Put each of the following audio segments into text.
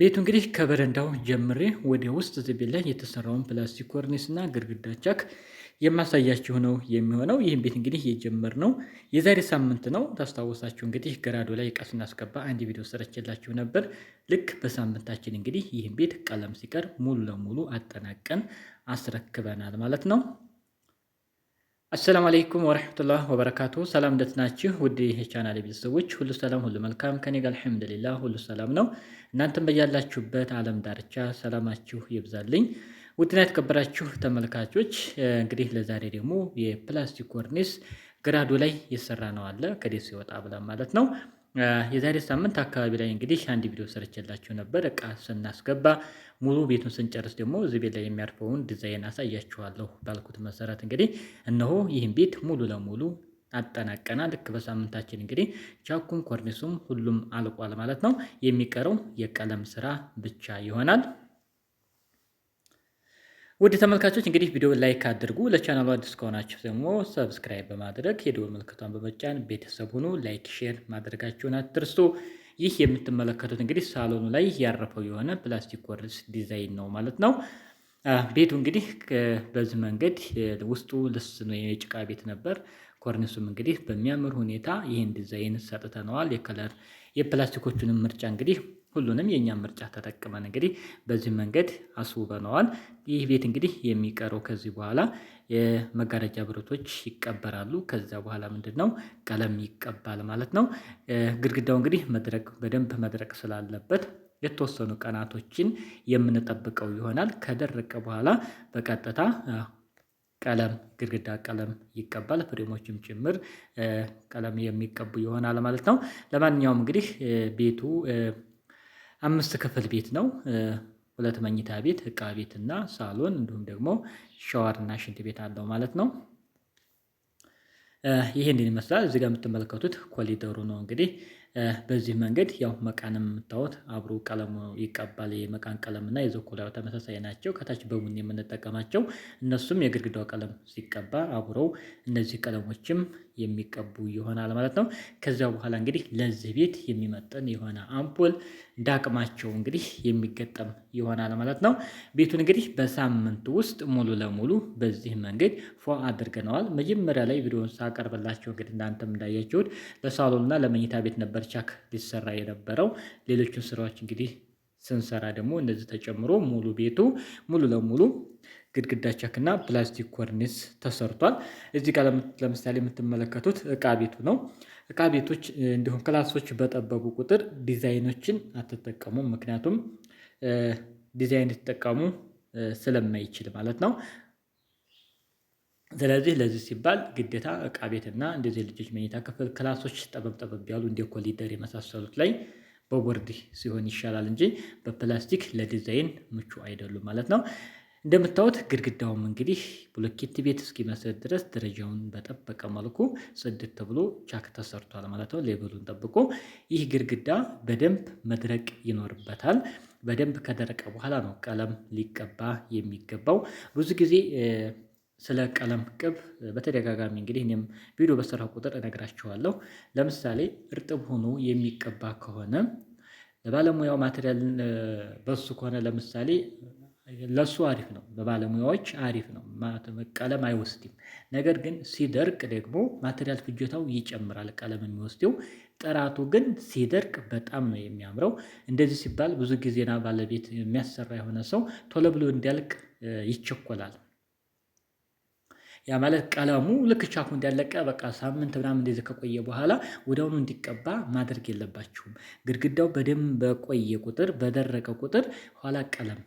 ቤቱ እንግዲህ ከበረንዳው ጀምሬ ወደ ውስጥ ዝቤ ላይ የተሰራውን ፕላስቲክ ኮርኒስ እና ግድግዳ ቻክ የማሳያችሁ ነው የሚሆነው። ይህም ቤት እንግዲህ የጀመርነው የዛሬ ሳምንት ነው። ታስታወሳችሁ እንግዲህ ገራዶ ላይ ቀስ እናስገባ አንድ ቪዲዮ ሰረችላችሁ ነበር። ልክ በሳምንታችን እንግዲህ ይህም ቤት ቀለም ሲቀር ሙሉ ለሙሉ አጠናቀን አስረክበናል ማለት ነው። አሰላሙ አለይኩም ወረህመቱላህ ወበረካቱ። ሰላም እንደት ናችሁ? ውድ የቻናል ቤተሰቦች ሁሉ ሰላም፣ ሁሉ መልካም ከኔ ጋር አልሐምዱሊላህ ሁሉ ሰላም ነው። እናንተም በያላችሁበት ዓለም ዳርቻ ሰላማችሁ ይብዛልኝ። ውድና የተከበራችሁ ተመልካቾች እንግዲህ ለዛሬ ደግሞ የፕላስቲክ ኮርኒስ ግራዱ ላይ የሰራ ነው አለ ከደሴ ወጣ ብላ ማለት ነው የዛሬ ሳምንት አካባቢ ላይ እንግዲህ አንድ ቪዲዮ ሰርቼላችሁ ነበር። እቃ ስናስገባ ሙሉ ቤቱን ስንጨርስ ደግሞ እዚህ ቤት ላይ የሚያርፈውን ዲዛይን አሳያችኋለሁ ባልኩት መሰረት እንግዲህ እነሆ ይህን ቤት ሙሉ ለሙሉ አጠናቀና ልክ በሳምንታችን እንግዲህ ቻኩም ኮርኒሱም ሁሉም አልቋል ማለት ነው። የሚቀረው የቀለም ስራ ብቻ ይሆናል። ውድ ተመልካቾች እንግዲህ ቪዲዮ ላይክ አድርጉ። ለቻናሉ አዲስ ከሆናችሁ ደግሞ ሰብስክራይብ በማድረግ የደወል ምልክቷን በመጫን ቤተሰብ ሁኑ። ላይክ፣ ሼር ማድረጋችሁን አትርሱ። ይህ የምትመለከቱት እንግዲህ ሳሎኑ ላይ ያረፈው የሆነ ፕላስቲክ ወርልስ ዲዛይን ነው ማለት ነው። ቤቱ እንግዲህ በዚህ መንገድ ውስጡ ልስ የጭቃ ቤት ነበር። ኮርኒሱም እንግዲህ በሚያምር ሁኔታ ይህን ዲዛይን ሰጥተነዋል። የከለር የፕላስቲኮቹንም ምርጫ እንግዲህ ሁሉንም የእኛ ምርጫ ተጠቅመን እንግዲህ በዚህ መንገድ አስውበነዋል። ይህ ቤት እንግዲህ የሚቀረው ከዚህ በኋላ የመጋረጃ ብረቶች ይቀበራሉ። ከዚያ በኋላ ምንድን ነው ቀለም ይቀባል ማለት ነው። ግድግዳው እንግዲህ መድረቅ በደንብ መድረቅ ስላለበት የተወሰኑ ቀናቶችን የምንጠብቀው ይሆናል። ከደረቀ በኋላ በቀጥታ ቀለም ግድግዳ ቀለም ይቀባል። ፍሬሞችም ጭምር ቀለም የሚቀቡ ይሆናል ማለት ነው። ለማንኛውም እንግዲህ ቤቱ አምስት ክፍል ቤት ነው። ሁለት መኝታ ቤት፣ እቃ ቤት እና ሳሎን እንዲሁም ደግሞ ሻወር እና ሽንት ቤት አለው ማለት ነው። ይሄንን ይመስላል። እዚጋ የምትመለከቱት ኮሊደሩ ነው እንግዲህ በዚህ መንገድ ያው መቃንም የምታዩት አብሮ ቀለሙ ይቀባል የመቃን ቀለም እና የዘኮላ ተመሳሳይ ናቸው። ከታች በቡኒ የምንጠቀማቸው እነሱም የግድግዳው ቀለም ሲቀባ አብረው እነዚህ ቀለሞችም የሚቀቡ ይሆናል ማለት ነው። ከዚያ በኋላ እንግዲህ ለዚህ ቤት የሚመጥን የሆነ አምፖል እንደ አቅማቸው እንግዲህ የሚገጠም ይሆናል ማለት ነው። ቤቱን እንግዲህ በሳምንት ውስጥ ሙሉ ለሙሉ በዚህ መንገድ ፎ አድርገነዋል። መጀመሪያ ላይ ቪዲዮን ሳቀርብላቸው እንግዲህ እናንተም እንዳያችሁት ለሳሎንና ለመኝታ ቤት ነበር ቻክ ሊሰራ የነበረው። ሌሎችን ስራዎች እንግዲህ ስንሰራ ደግሞ እነዚህ ተጨምሮ ሙሉ ቤቱ ሙሉ ለሙሉ ግድግዳ ቻክ እና ፕላስቲክ ኮርኒስ ተሰርቷል። እዚህ ጋር ለምሳሌ የምትመለከቱት እቃ ቤቱ ነው። እቃ ቤቶች እንዲሁም ክላሶች በጠበቡ ቁጥር ዲዛይኖችን አትጠቀሙም። ምክንያቱም ዲዛይን ሊጠቀሙ ስለማይችል ማለት ነው። ስለዚህ ለዚህ ሲባል ግዴታ እቃ ቤትና እንደዚህ ልጆች መኝታ ክፍል ክላሶች ጠበብ ጠበብ ያሉ እንደ ኮሊደር የመሳሰሉት ላይ በቦርድ ሲሆን ይሻላል እንጂ በፕላስቲክ ለዲዛይን ምቹ አይደሉም ማለት ነው። እንደምታዩት ግድግዳውም እንግዲህ ብሎኬት ቤት እስኪመስል ድረስ ደረጃውን በጠበቀ መልኩ ጽድት ተብሎ ቻክ ተሰርቷል ማለት ነው። ሌበሉን ጠብቆ ይህ ግድግዳ በደንብ መድረቅ ይኖርበታል። በደንብ ከደረቀ በኋላ ነው ቀለም ሊቀባ የሚገባው። ብዙ ጊዜ ስለ ቀለም ቅብ በተደጋጋሚ እንግዲህ እኔም ቪዲዮ በሰራ ቁጥር እነግራችኋለሁ። ለምሳሌ እርጥብ ሆኖ የሚቀባ ከሆነ ባለሙያው ማቴሪያል በሱ ከሆነ ለምሳሌ ለሱ አሪፍ ነው፣ በባለሙያዎች አሪፍ ነው። ቀለም አይወስድም። ነገር ግን ሲደርቅ ደግሞ ማቴሪያል ፍጆታው ይጨምራል። ቀለም የሚወስደው ጥራቱ ግን ሲደርቅ በጣም ነው የሚያምረው። እንደዚህ ሲባል ብዙ ጊዜና ባለቤት የሚያሰራ የሆነ ሰው ቶሎ ብሎ እንዲያልቅ ይቸኮላል። ያ ማለት ቀለሙ ልክ ቻፉ እንዳለቀ በቃ ሳምንት ምናምን እንደዚህ ከቆየ በኋላ ወዲያውኑ እንዲቀባ ማድረግ የለባችሁም። ግድግዳው በደንብ በቆየ ቁጥር በደረቀ ቁጥር ኋላ ቀለም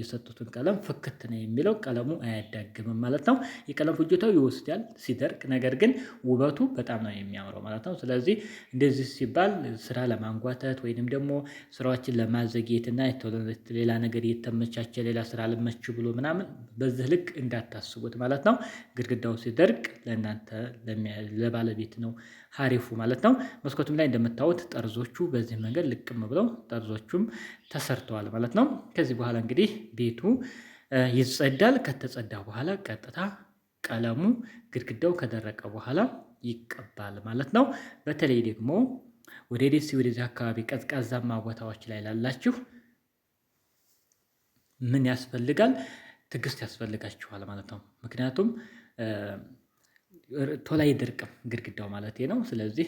የሰጡትን ቀለም ፍክት ነው የሚለው ቀለሙ አያዳግምም ማለት ነው። የቀለም ፍጆታው ይወስዳል ሲደርቅ፣ ነገር ግን ውበቱ በጣም ነው የሚያምረው ማለት ነው። ስለዚህ እንደዚህ ሲባል ስራ ለማንጓተት ወይንም ደግሞ ስራዎችን ለማዘግየት እና ሌላ ነገር የተመቻቸ ሌላ ስራ ልመች ብሎ ምናምን በዚህ ልክ እንዳታስቡት ማለት ነው። ግድግዳው ሲደርቅ ለእናንተ ለባለቤት ነው ሀሪፉ ማለት ነው። መስኮቱም ላይ እንደምታዩት ጠርዞቹ በዚህ መንገድ ልቅም ብለው ጠርዞቹም ተሰርተዋል ማለት ነው። ከዚህ በኋላ እንግዲህ ቤቱ ይጸዳል። ከተጸዳ በኋላ ቀጥታ ቀለሙ ግድግዳው ከደረቀ በኋላ ይቀባል ማለት ነው። በተለይ ደግሞ ወደ ደሴ ወደዚህ አካባቢ ቀዝቃዛማ ቦታዎች ላይ ላላችሁ ምን ያስፈልጋል? ትዕግስት ያስፈልጋችኋል ማለት ነው። ምክንያቱም ቶሎ አይደርቅም ግድግዳው ማለት ነው። ስለዚህ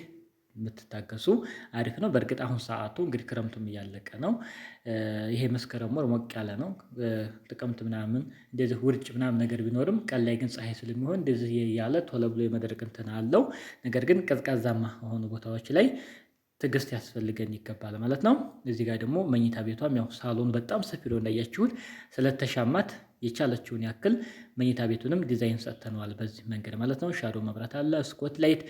የምትታገሱ አሪፍ ነው። በእርግጥ አሁን ሰዓቱ እንግዲህ ክረምቱም እያለቀ ነው። ይሄ መስከረም ወር ሞቅ ያለ ነው። ጥቅምት ምናምን እንደዚህ ውርጭ ምናምን ነገር ቢኖርም ቀን ላይ ግን ፀሀይ ስለሚሆን እንደዚህ እያለ ቶሎ ብሎ እንትን አለው። ነገር ግን ቀዝቃዛማ ሆኑ ቦታዎች ላይ ትግስት ያስፈልገን ይገባል ማለት ነው። እዚህ ጋር ደግሞ መኝታ ቤቷም ያው ሳሎን በጣም ሰፊ ነው እንዳያችሁት ስለተሻማት የቻለችውን ያክል መኝታ ቤቱንም ዲዛይን ሰጥተነዋል በዚህ መንገድ ማለት ነው። ሻዶ መብራት አለ ስኮት ላይት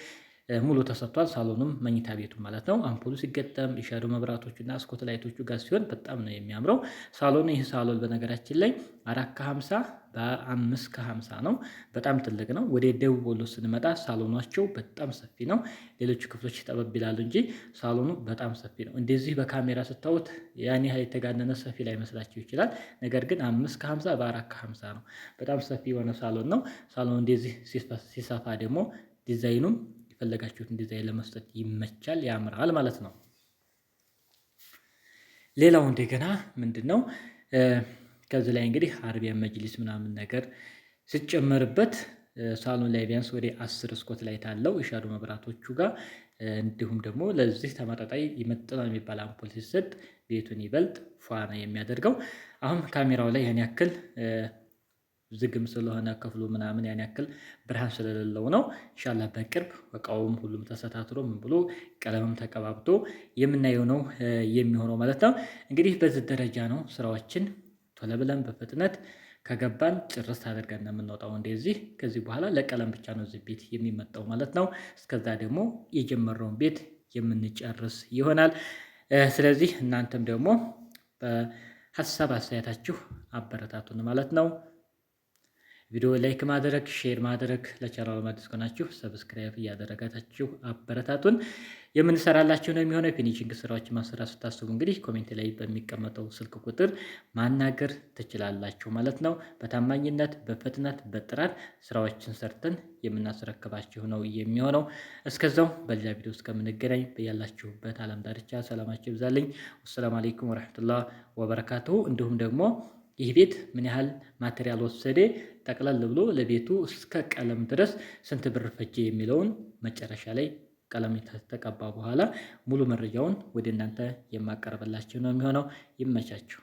ሙሉ ተሰጥቷል። ሳሎኑም መኝታ ቤቱ ማለት ነው። አምፖሉ ሲገጠም የሻዶ መብራቶቹ እና ስኮት ላይቶቹ ጋር ሲሆን በጣም ነው የሚያምረው ሳሎን። ይህ ሳሎን በነገራችን ላይ አራት ከሀምሳ በአምስት ከሀምሳ ነው። በጣም ትልቅ ነው። ወደ ደቡብ ወሎ ስንመጣ ሳሎኗቸው በጣም ሰፊ ነው። ሌሎቹ ክፍሎች ጠበብ ይላሉ እንጂ ሳሎኑ በጣም ሰፊ ነው። እንደዚህ በካሜራ ስታዩት ያን ያህል የተጋነነ ሰፊ ላይመስላችሁ ይችላል። ነገር ግን አምስት ከሀምሳ በአራት ከሀምሳ ነው። በጣም ሰፊ የሆነ ሳሎን ነው። ሳሎኑ እንደዚህ ሲሰፋ ደግሞ ዲዛይኑም ፈለጋችሁት ዲዛይን ለመስጠት ይመቻል፣ ያምራል ማለት ነው። ሌላው እንደገና ምንድን ነው ከዚህ ላይ እንግዲህ አረቢያን መጅሊስ ምናምን ነገር ስጨመርበት ሳሎን ላይ ቢያንስ ወደ አስር እስኮት ላይ ታለው የሻዶ መብራቶቹ ጋር እንዲሁም ደግሞ ለዚህ ተመጣጣይ ይመጥናል የሚባል አምፖል ሲሰጥ ቤቱን ይበልጥ ፏና የሚያደርገው። አሁን ካሜራው ላይ ያን ያክል ዝግም ስለሆነ ክፍሉ ምናምን ያን ያክል ብርሃን ስለሌለው ነው። እንሻላ በቅርብ እቃውም ሁሉም ተሰታትሮ ምን ብሎ ቀለምም ተቀባብቶ የምናየው ነው የሚሆነው ማለት ነው። እንግዲህ በዚህ ደረጃ ነው ስራዎችን ቶሎ ብለን በፍጥነት ከገባን ጭርስ አድርገን ነው የምንወጣው። እንደዚህ ከዚህ በኋላ ለቀለም ብቻ ነው እዚህ ቤት የሚመጣው ማለት ነው። እስከዛ ደግሞ የጀመረውን ቤት የምንጨርስ ይሆናል። ስለዚህ እናንተም ደግሞ በሀሳብ አስተያየታችሁ አበረታቱን ማለት ነው። ቪዲዮ ላይክ ማድረግ ሼር ማድረግ ለቻናሉ አዲስ ከሆናችሁ ሰብስክራይብ እያደረጋታችሁ አበረታቱን። የምንሰራላችሁ ነው የሚሆነው። ፊኒሽንግ ስራዎች ማሰራት ስታስቡ እንግዲህ ኮሜንት ላይ በሚቀመጠው ስልክ ቁጥር ማናገር ትችላላችሁ ማለት ነው። በታማኝነት በፍጥነት በጥራት ስራዎችን ሰርተን የምናስረክባችሁ ነው የሚሆነው። እስከዛው በሌላ ቪዲዮ እስከምንገናኝ በያላችሁበት አለም ዳርቻ ሰላማችሁ ይብዛልኝ። ወሰላም አሌይኩም ወረሕመቱላህ ወበረካቱሁ እንዲሁም ደግሞ ይህ ቤት ምን ያህል ማቴሪያል ወሰደ፣ ጠቅለል ብሎ ለቤቱ እስከ ቀለም ድረስ ስንት ብር ፈጀ የሚለውን መጨረሻ ላይ ቀለም ከተቀባ በኋላ ሙሉ መረጃውን ወደ እናንተ የማቀርብላችሁ ነው የሚሆነው። ይመቻችሁ።